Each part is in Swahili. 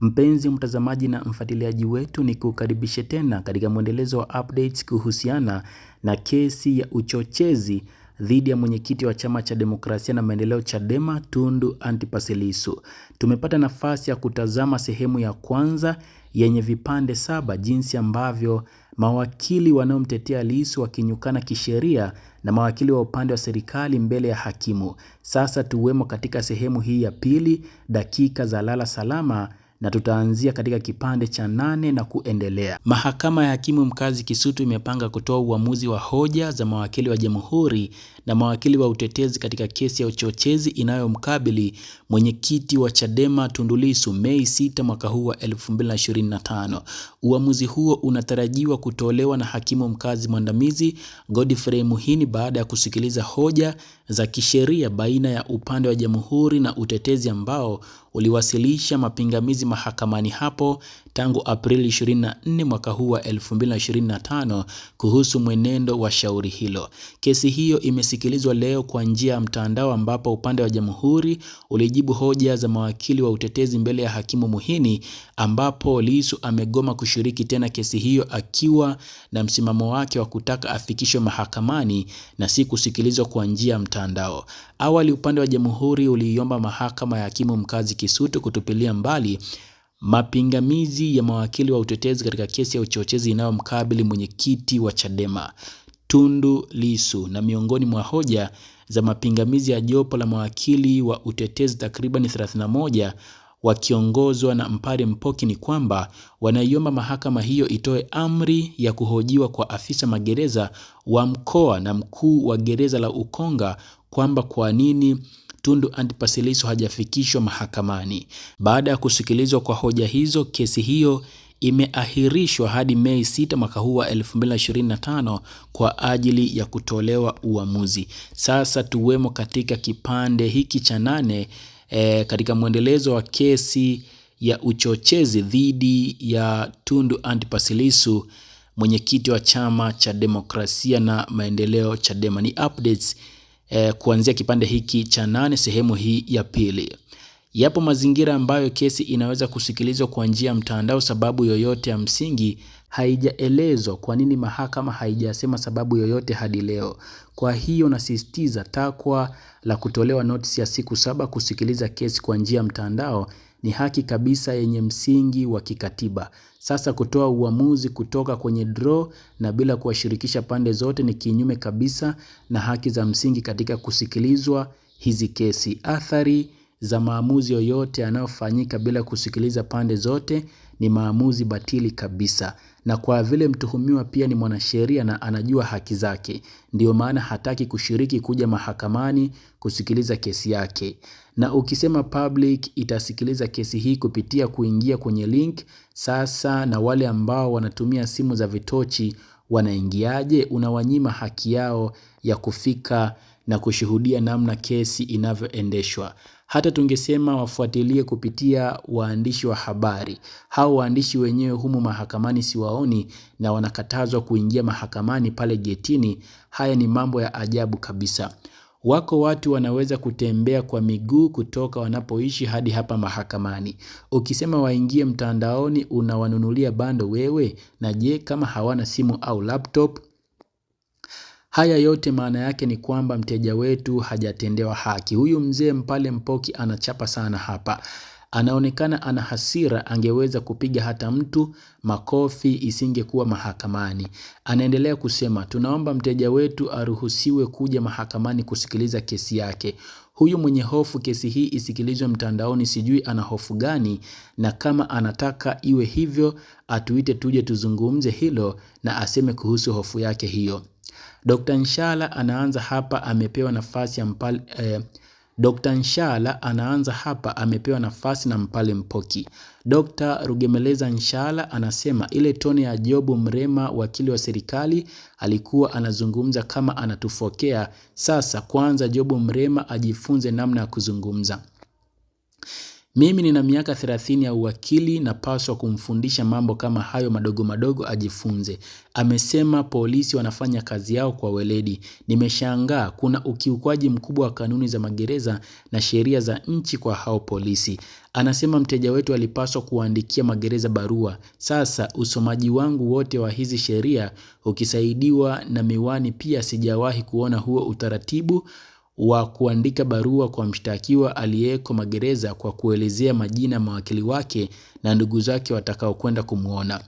Mpenzi mtazamaji na mfuatiliaji wetu, ni kukaribishe tena katika mwendelezo wa updates kuhusiana na kesi ya uchochezi dhidi ya mwenyekiti wa chama cha demokrasia na maendeleo Chadema Tundu Antipas Lissu. Tumepata nafasi ya kutazama sehemu ya kwanza yenye vipande saba, jinsi ambavyo mawakili wanaomtetea Lissu wakinyukana kisheria na mawakili wa upande wa serikali mbele ya hakimu. Sasa tuwemo katika sehemu hii ya pili, dakika za lala salama na tutaanzia katika kipande cha nane na kuendelea. Mahakama ya Hakimu Mkazi Kisutu imepanga kutoa uamuzi wa hoja za mawakili wa Jamhuri na mawakili wa utetezi katika kesi ya uchochezi inayomkabili mwenyekiti wa Chadema Tundu Lissu Mei 6 mwaka huu wa 2025. Uamuzi huo unatarajiwa kutolewa na Hakimu Mkazi Mwandamizi Godfrey Muhini baada ya kusikiliza hoja za kisheria baina ya upande wa Jamhuri na utetezi ambao uliwasilisha mapingamizi mahakamani hapo tangu Aprili 24 mwaka huu wa 2025 kuhusu mwenendo wa shauri hilo. Kesi hiyo imesikilizwa leo kwa njia ya mtandao ambapo upande wa Jamhuri ulijibu hoja za mawakili wa utetezi mbele ya hakimu Muhini, ambapo Lissu amegoma kushiriki tena kesi hiyo akiwa na msimamo wake wa kutaka afikishwe mahakamani na si kusikilizwa kwa njia ya mtandao. Awali upande wa Jamhuri uliiomba mahakama ya hakimu mkazi Kisutu kutupilia mbali Mapingamizi ya mawakili wa utetezi katika kesi ya uchochezi inayomkabili mwenyekiti wa Chadema Tundu lisu Na miongoni mwa hoja za mapingamizi ya jopo la mawakili wa utetezi takriban 31 wakiongozwa na Mpare Mpoki ni kwamba wanaiomba mahakama hiyo itoe amri ya kuhojiwa kwa afisa magereza wa mkoa na mkuu wa gereza la Ukonga kwamba kwa nini Tundu Antipas Lissu hajafikishwa mahakamani. Baada ya kusikilizwa kwa hoja hizo, kesi hiyo imeahirishwa hadi Mei 6 mwaka huu wa 2025 kwa ajili ya kutolewa uamuzi. Sasa tuwemo katika kipande hiki cha nane e, katika mwendelezo wa kesi ya uchochezi dhidi ya Tundu Antipas Lissu, mwenyekiti wa chama cha demokrasia na maendeleo Chadema. Ni updates eh, kuanzia kipande hiki cha nane sehemu hii ya pili. Yapo mazingira ambayo kesi inaweza kusikilizwa kwa njia ya mtandao. Sababu yoyote ya msingi haijaelezwa. Kwa nini mahakama haijasema sababu yoyote hadi leo? Kwa hiyo nasisitiza takwa la kutolewa notisi ya siku saba kusikiliza kesi kwa njia ya mtandao ni haki kabisa yenye msingi wa kikatiba. Sasa kutoa uamuzi kutoka kwenye draw na bila kuwashirikisha pande zote ni kinyume kabisa na haki za msingi katika kusikilizwa hizi kesi. Athari za maamuzi yoyote yanayofanyika bila kusikiliza pande zote ni maamuzi batili kabisa na kwa vile mtuhumiwa pia ni mwanasheria na anajua haki zake, ndiyo maana hataki kushiriki kuja mahakamani kusikiliza kesi yake. Na ukisema public itasikiliza kesi hii kupitia kuingia kwenye link. Sasa na wale ambao wanatumia simu za vitochi wanaingiaje? Unawanyima haki yao ya kufika na kushuhudia namna kesi inavyoendeshwa hata tungesema wafuatilie kupitia waandishi wa habari. Hao waandishi wenyewe humu mahakamani siwaoni, na wanakatazwa kuingia mahakamani pale getini. Haya ni mambo ya ajabu kabisa. Wako watu wanaweza kutembea kwa miguu kutoka wanapoishi hadi hapa mahakamani. Ukisema waingie mtandaoni, unawanunulia bando wewe? Na je, kama hawana simu au laptop? Haya yote maana yake ni kwamba mteja wetu hajatendewa haki. Huyu mzee mpale Mpoki anachapa sana hapa. Anaonekana ana hasira, angeweza kupiga hata mtu makofi isingekuwa mahakamani. Anaendelea kusema, tunaomba mteja wetu aruhusiwe kuja mahakamani kusikiliza kesi yake. Huyu mwenye hofu kesi hii isikilizwe mtandaoni, sijui ana hofu gani, na kama anataka iwe hivyo, atuite tuje tuzungumze hilo na aseme kuhusu hofu yake hiyo. Dr. Nshala anaanza hapa amepewa nafasi ya Mpale eh, Dr. Nshala anaanza hapa amepewa nafasi na Mpale Mpoki. Dr. Rugemeleza Nshala anasema ile tone ya Jobu Mrema wakili wa serikali alikuwa anazungumza kama anatufokea. Sasa kwanza Jobu Mrema ajifunze namna ya kuzungumza. Mimi nina miaka 30 ya uwakili napaswa kumfundisha mambo kama hayo madogo madogo ajifunze. Amesema polisi wanafanya kazi yao kwa weledi. Nimeshangaa kuna ukiukwaji mkubwa wa kanuni za magereza na sheria za nchi kwa hao polisi. Anasema mteja wetu alipaswa kuandikia magereza barua. Sasa usomaji wangu wote wa hizi sheria ukisaidiwa na miwani pia sijawahi kuona huo utaratibu wa kuandika barua kwa mshtakiwa aliyeko magereza kwa kuelezea majina mawakili wake na ndugu zake watakaokwenda kumwona.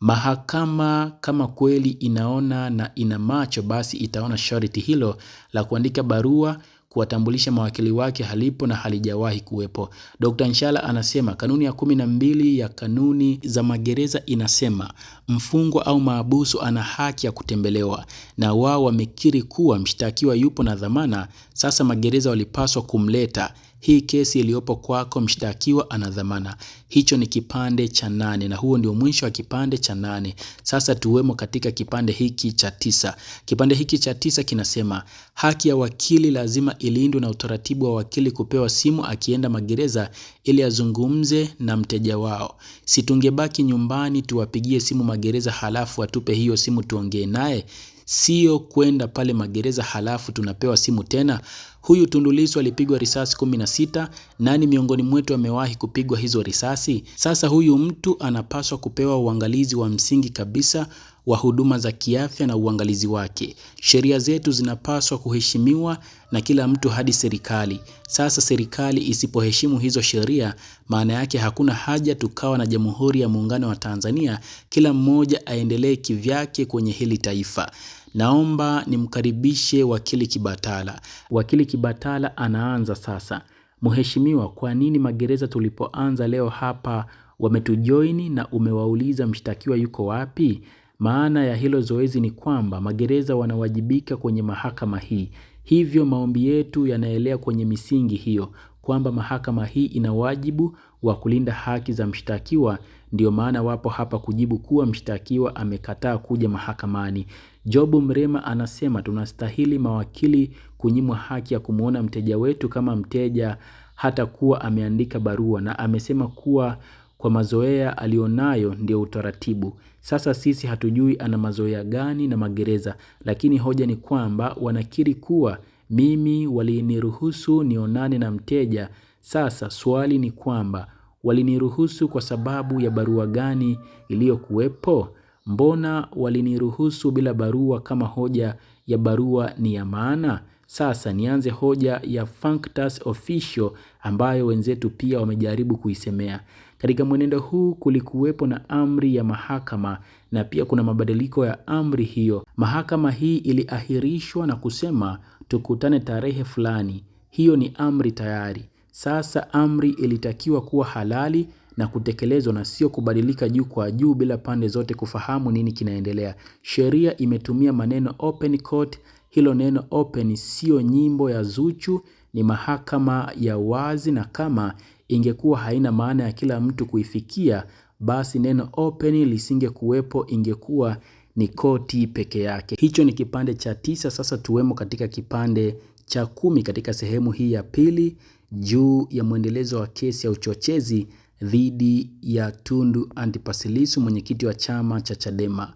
Mahakama kama kweli inaona na ina macho, basi itaona sharti hilo la kuandika barua kuwatambulisha mawakili wake halipo na halijawahi kuwepo. Dr. Nshala anasema kanuni ya kumi na mbili ya kanuni za magereza inasema mfungwa au maabusu ana haki ya kutembelewa, na wao wamekiri kuwa mshtakiwa yupo na dhamana. Sasa magereza walipaswa kumleta hii kesi iliyopo kwako, mshtakiwa ana dhamana. Hicho ni kipande cha nane, na huo ndio mwisho wa kipande cha nane. Sasa tuwemo katika kipande hiki cha tisa. Kipande hiki cha tisa kinasema haki ya wakili lazima ilindwe na utaratibu wa wakili kupewa simu akienda magereza ili azungumze na mteja wao. Situngebaki nyumbani tuwapigie simu magereza, halafu atupe hiyo simu tuongee naye, sio kwenda pale magereza halafu tunapewa simu tena. Huyu Tundu Lissu alipigwa risasi 16. Nani miongoni mwetu amewahi kupigwa hizo risasi? Sasa huyu mtu anapaswa kupewa uangalizi wa msingi kabisa wa huduma za kiafya na uangalizi wake. Sheria zetu zinapaswa kuheshimiwa na kila mtu hadi serikali. Sasa serikali isipoheshimu hizo sheria, maana yake hakuna haja tukawa na Jamhuri ya Muungano wa Tanzania, kila mmoja aendelee kivyake kwenye hili taifa. Naomba nimkaribishe wakili Kibatala. Wakili Kibatala anaanza sasa. Mheshimiwa, kwa nini magereza tulipoanza leo hapa wametujoini na umewauliza mshtakiwa yuko wapi? Maana ya hilo zoezi ni kwamba magereza wanawajibika kwenye mahakama hii, hivyo maombi yetu yanaelea kwenye misingi hiyo kwamba mahakama hii ina wajibu wa kulinda haki za mshtakiwa, ndio maana wapo hapa kujibu kuwa mshtakiwa amekataa kuja mahakamani. Jobu Mrema anasema tunastahili mawakili kunyimwa haki ya kumwona mteja wetu kama mteja hata kuwa ameandika barua, na amesema kuwa kwa mazoea alionayo ndio utaratibu. Sasa sisi hatujui ana mazoea gani na magereza, lakini hoja ni kwamba wanakiri kuwa mimi waliniruhusu nionane na mteja sasa swali ni kwamba waliniruhusu kwa sababu ya barua gani iliyokuwepo? Mbona waliniruhusu bila barua kama hoja ya barua ni ya maana? Sasa nianze hoja ya Functus Official ambayo wenzetu pia wamejaribu kuisemea. Katika mwenendo huu kulikuwepo na amri ya mahakama na pia kuna mabadiliko ya amri hiyo. Mahakama hii iliahirishwa na kusema tukutane tarehe fulani. Hiyo ni amri tayari. Sasa amri ilitakiwa kuwa halali na kutekelezwa na sio kubadilika juu kwa juu bila pande zote kufahamu nini kinaendelea. Sheria imetumia maneno open court. Hilo neno open sio nyimbo ya Zuchu, ni mahakama ya wazi, na kama ingekuwa haina maana ya kila mtu kuifikia, basi neno open lisingekuwepo, ingekuwa ni koti peke yake. Hicho ni kipande cha tisa. Sasa tuwemo katika kipande cha kumi katika sehemu hii ya pili juu ya mwendelezo wa kesi ya uchochezi dhidi ya Tundu Antipas Lissu mwenyekiti wa chama cha Chadema.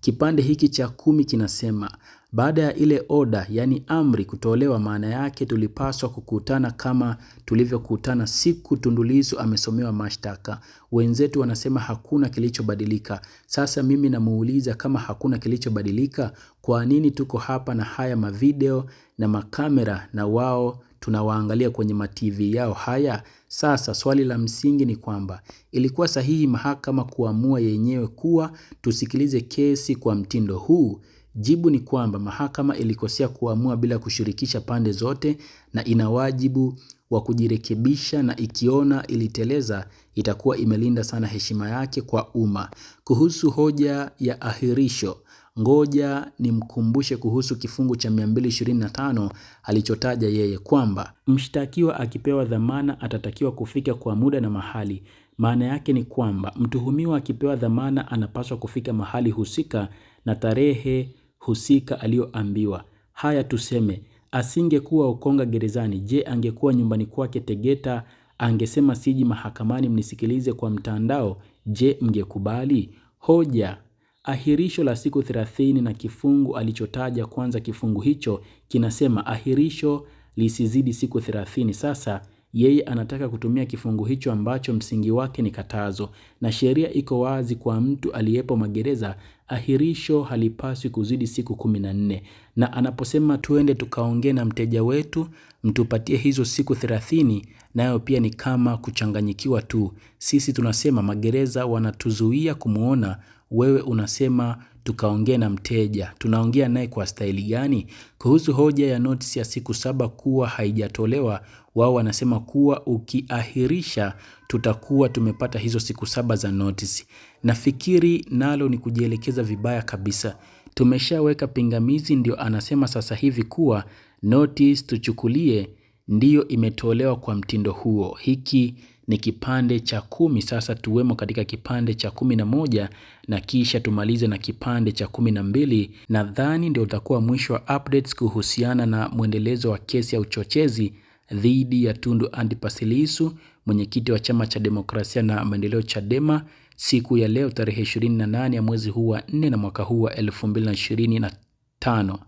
Kipande hiki cha kumi kinasema baada ya ile oda, yani amri kutolewa, maana yake tulipaswa kukutana kama tulivyokutana siku Tundu Lissu amesomewa mashtaka. Wenzetu wanasema hakuna kilichobadilika. Sasa mimi namuuliza kama hakuna kilichobadilika, kwa nini tuko hapa na haya mavideo na makamera na wao tunawaangalia kwenye matv yao haya? Sasa swali la msingi ni kwamba ilikuwa sahihi mahakama kuamua yenyewe kuwa tusikilize kesi kwa mtindo huu? Jibu ni kwamba mahakama ilikosea kuamua bila kushirikisha pande zote na ina wajibu wa kujirekebisha na ikiona iliteleza itakuwa imelinda sana heshima yake kwa umma. Kuhusu hoja ya ahirisho, ngoja nimkumbushe kuhusu kifungu cha 225 alichotaja yeye kwamba mshtakiwa akipewa dhamana atatakiwa kufika kwa muda na mahali. Maana yake ni kwamba mtuhumiwa akipewa dhamana anapaswa kufika mahali husika na tarehe husika aliyoambiwa. Haya tuseme, asingekuwa Ukonga gerezani, je, angekuwa nyumbani kwake Tegeta? Angesema siji mahakamani mnisikilize kwa mtandao, je, mngekubali? Hoja ahirisho la siku thelathini na kifungu alichotaja kwanza. Kifungu hicho kinasema ahirisho lisizidi siku thelathini. Sasa yeye anataka kutumia kifungu hicho ambacho msingi wake ni katazo, na sheria iko wazi kwa mtu aliyepo magereza, ahirisho halipaswi kuzidi siku kumi na nne. Na anaposema tuende tukaongee na mteja wetu, mtupatie hizo siku thelathini, nayo pia ni kama kuchanganyikiwa tu. Sisi tunasema magereza wanatuzuia kumwona, wewe unasema tukaongee na mteja. Tunaongea naye kwa staili gani? Kuhusu hoja ya notisi ya siku saba kuwa haijatolewa, wao wanasema kuwa ukiahirisha tutakuwa tumepata hizo siku saba za notisi. Nafikiri nalo ni kujielekeza vibaya kabisa. Tumeshaweka pingamizi, ndio anasema sasa hivi kuwa notice tuchukulie ndiyo imetolewa kwa mtindo huo. Hiki ni kipande cha kumi. Sasa tuwemo katika kipande cha kumi na moja na kisha tumalize na kipande cha kumi na mbili. Nadhani ndio utakuwa mwisho wa updates kuhusiana na mwendelezo wa kesi ya uchochezi dhidi ya Tundu Antipas Lissu, mwenyekiti wa chama cha demokrasia na maendeleo Chadema, siku ya leo tarehe 28 ya mwezi huu wa 4 na mwaka huu wa 2025.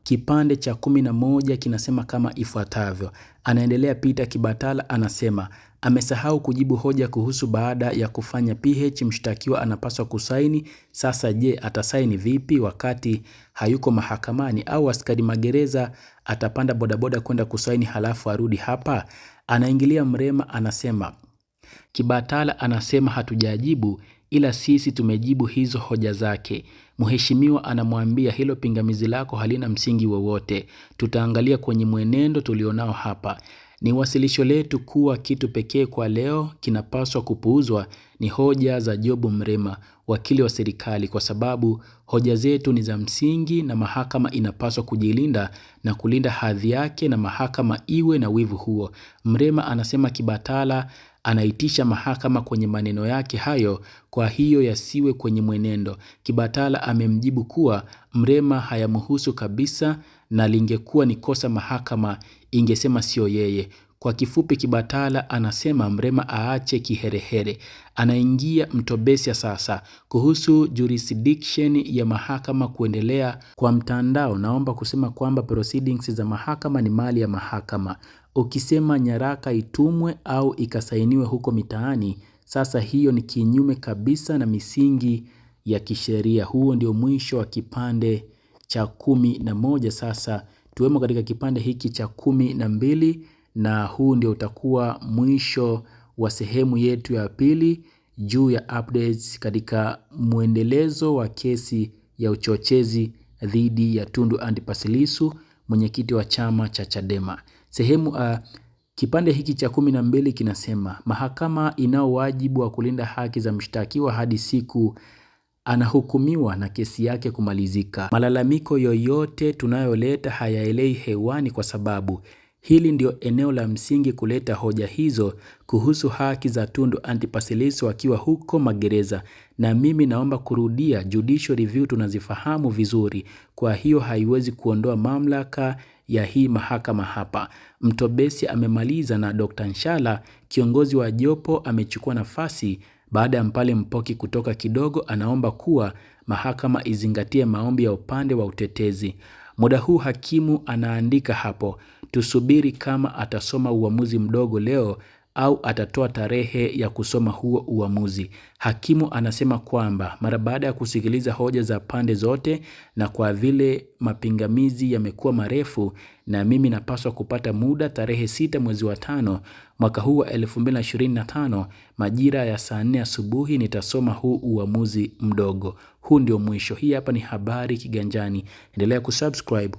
Kipande cha 11 kinasema kama ifuatavyo. Anaendelea Peter Kibatala anasema amesahau kujibu hoja kuhusu baada ya kufanya PH mshtakiwa anapaswa kusaini. Sasa je, atasaini vipi wakati hayuko mahakamani? Au askari magereza atapanda bodaboda kwenda kusaini halafu arudi hapa? Anaingilia Mrema anasema Kibatala anasema hatujajibu ila sisi tumejibu hizo hoja zake. Mheshimiwa anamwambia hilo pingamizi lako halina msingi wowote, tutaangalia kwenye mwenendo tulionao hapa. Ni wasilisho letu kuwa kitu pekee kwa leo kinapaswa kupuuzwa ni hoja za Jobu Mrema wakili wa serikali kwa sababu hoja zetu ni za msingi na mahakama inapaswa kujilinda na kulinda hadhi yake na mahakama iwe na wivu huo. Mrema anasema Kibatala anaitisha mahakama kwenye maneno yake hayo, kwa hiyo yasiwe kwenye mwenendo. Kibatala amemjibu kuwa Mrema hayamhusu kabisa na lingekuwa ni kosa mahakama ingesema sio yeye. Kwa kifupi Kibatala anasema Mrema aache kiherehere, anaingia mtobesia. sasa. Kuhusu jurisdiction ya mahakama kuendelea kwa mtandao, naomba kusema kwamba proceedings za mahakama ni mali ya mahakama. Ukisema nyaraka itumwe au ikasainiwe huko mitaani, sasa hiyo ni kinyume kabisa na misingi ya kisheria. Huo ndio mwisho wa kipande cha kumi na moja. Sasa tuwemo katika kipande hiki cha kumi na mbili na huu ndio utakuwa mwisho wa sehemu yetu ya pili juu ya updates katika mwendelezo wa kesi ya uchochezi dhidi ya Tundu Antipas Lissu mwenyekiti wa chama cha Chadema. Sehemu uh, kipande hiki cha kumi na mbili kinasema mahakama inao wajibu wa kulinda haki za mshtakiwa hadi siku anahukumiwa na kesi yake kumalizika. Malalamiko yoyote tunayoleta hayaelei hewani kwa sababu Hili ndio eneo la msingi kuleta hoja hizo kuhusu haki za Tundu Antipas Lissu huko magereza, na mimi naomba kurudia, judicial review tunazifahamu vizuri, kwa hiyo haiwezi kuondoa mamlaka ya hii mahakama hapa. Mtobesi amemaliza na Dr. Nshala, kiongozi wa jopo, amechukua nafasi baada ya Mpale Mpoki kutoka kidogo, anaomba kuwa mahakama izingatie maombi ya upande wa utetezi. Muda huu hakimu anaandika hapo. Tusubiri kama atasoma uamuzi mdogo leo au atatoa tarehe ya kusoma huo uamuzi. Hakimu anasema kwamba mara baada ya kusikiliza hoja za pande zote, na kwa vile mapingamizi yamekuwa marefu na mimi napaswa kupata muda tarehe sita mwezi wa tano mwaka huu wa 2025 majira ya saa nne asubuhi nitasoma huu uamuzi mdogo. Huu ndio mwisho. Hii hapa ni Habari Kiganjani. Endelea kusubscribe